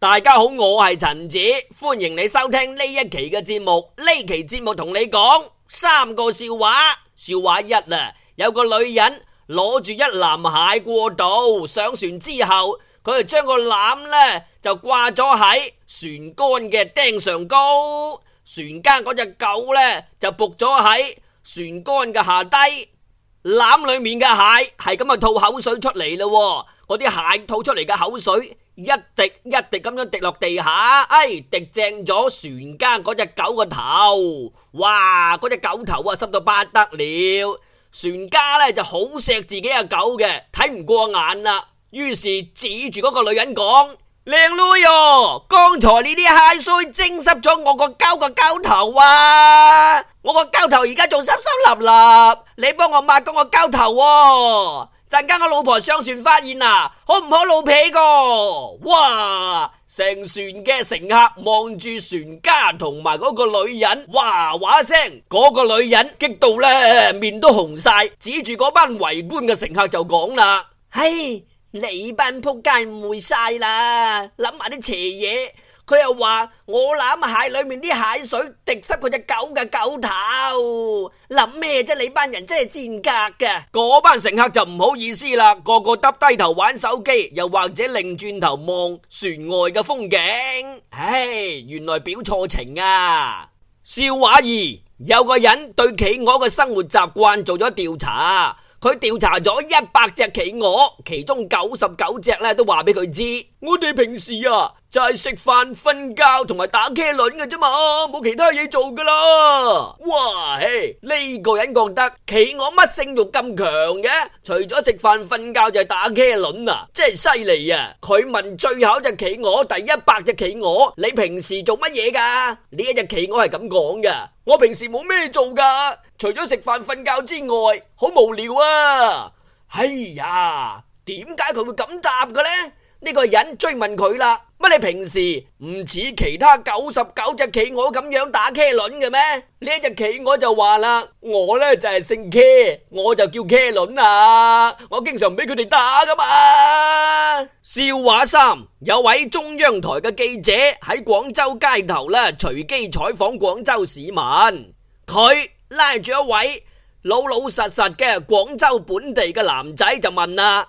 大家好，我係陳子，歡迎你收聽呢一期嘅節目。呢期節目同你講三個笑話。笑話一，有個女人攞住一籃蟹過渡，上船之後，佢就將個籃呢就掛咗喺船杆嘅釘上高，船間嗰隻狗呢就伏咗喺船杆嘅下低。籃裏面嘅蟹，係咁啊吐口水出嚟咯，嗰啲蟹吐出嚟嘅口水一滴一滴咁樣滴落地下，哎，滴正咗船家嗰隻狗個頭，哇，嗰隻狗頭啊濕到不得了，船家咧就好錫自己隻狗嘅，睇唔過眼啦，於是指住嗰個女人講。靚女哦，剛才呢啲海水蒸濕咗我個膠個膠頭啊！我個膠頭而家仲濕濕淋淋，你幫我抹個膠頭喎！陣間我老婆上船發現啊，可唔可露皮㗎？哇！成船嘅乘客望住船家同埋嗰個女人，嘩嘩聲。嗰、那個女人激到咧，面都紅晒，指住嗰班圍觀嘅乘客就講啦：，係。Hey. 你班仆街，誤會晒啦！諗埋啲邪嘢，佢又話我攬蟹裏面啲蟹水滴濕佢隻狗嘅狗頭，諗咩啫？你班人真係賤格噶！嗰班乘客就唔好意思啦，個個耷低頭玩手機，又或者擰轉頭望船外嘅風景。唉，原來表錯情啊！笑話二，有個人對企鵝嘅生活習慣做咗調查。佢調查咗一百隻企鵝，其中九十九隻呢都話畀佢知，我哋平時啊。就係食飯瞓覺同埋打茄輪嘅啫嘛，冇其他嘢做噶啦。哇，嘿，呢、這個人覺得企鵝乜性欲咁強嘅、啊？除咗食飯瞓覺就係、是、打茄輪啊，真係犀利啊！佢問最後一隻企鵝，第一百隻企鵝，你平時做乜嘢噶？呢一隻企鵝係咁講嘅，我平時冇咩做噶，除咗食飯瞓覺之外，好無聊啊！哎呀，點解佢會咁答嘅呢？呢個人追問佢啦，乜你平時唔似其他九十九隻企鵝咁樣打茄輪嘅咩？呢隻企鵝就話啦，我呢就係姓茄，我就叫茄輪啊，我經常俾佢哋打噶嘛。笑話三，有位中央台嘅記者喺廣州街頭咧隨機採訪廣州市民，佢拉住一位老老實實嘅廣州本地嘅男仔就問啦。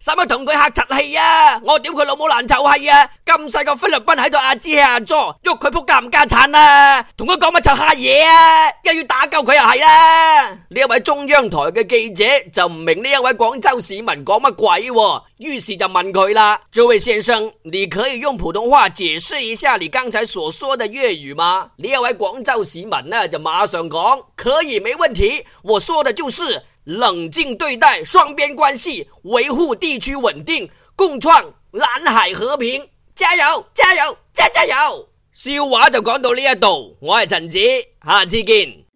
使乜同佢客柒氣啊！我屌佢老母爛臭氣啊！咁細個菲律賓喺度阿吱阿咗，喐佢仆街冚家鏟啊！同佢講乜柒吓嘢啊！一、啊、要打鳩佢又係啦！呢一位中央台嘅記者就唔明呢一位廣州市民講乜鬼、喎，於是就問佢啦，這位先生，你可以用普通話解釋一下你剛才所說嘅粵語嗎？呢一位廣州市民呢就馬上講，可以，沒問題，我說嘅，就是。冷靜對待雙邊關係，維護地區穩定，共創南海和平。加油！加油！加加油！笑話就講到呢一度，我係陳子，下次見。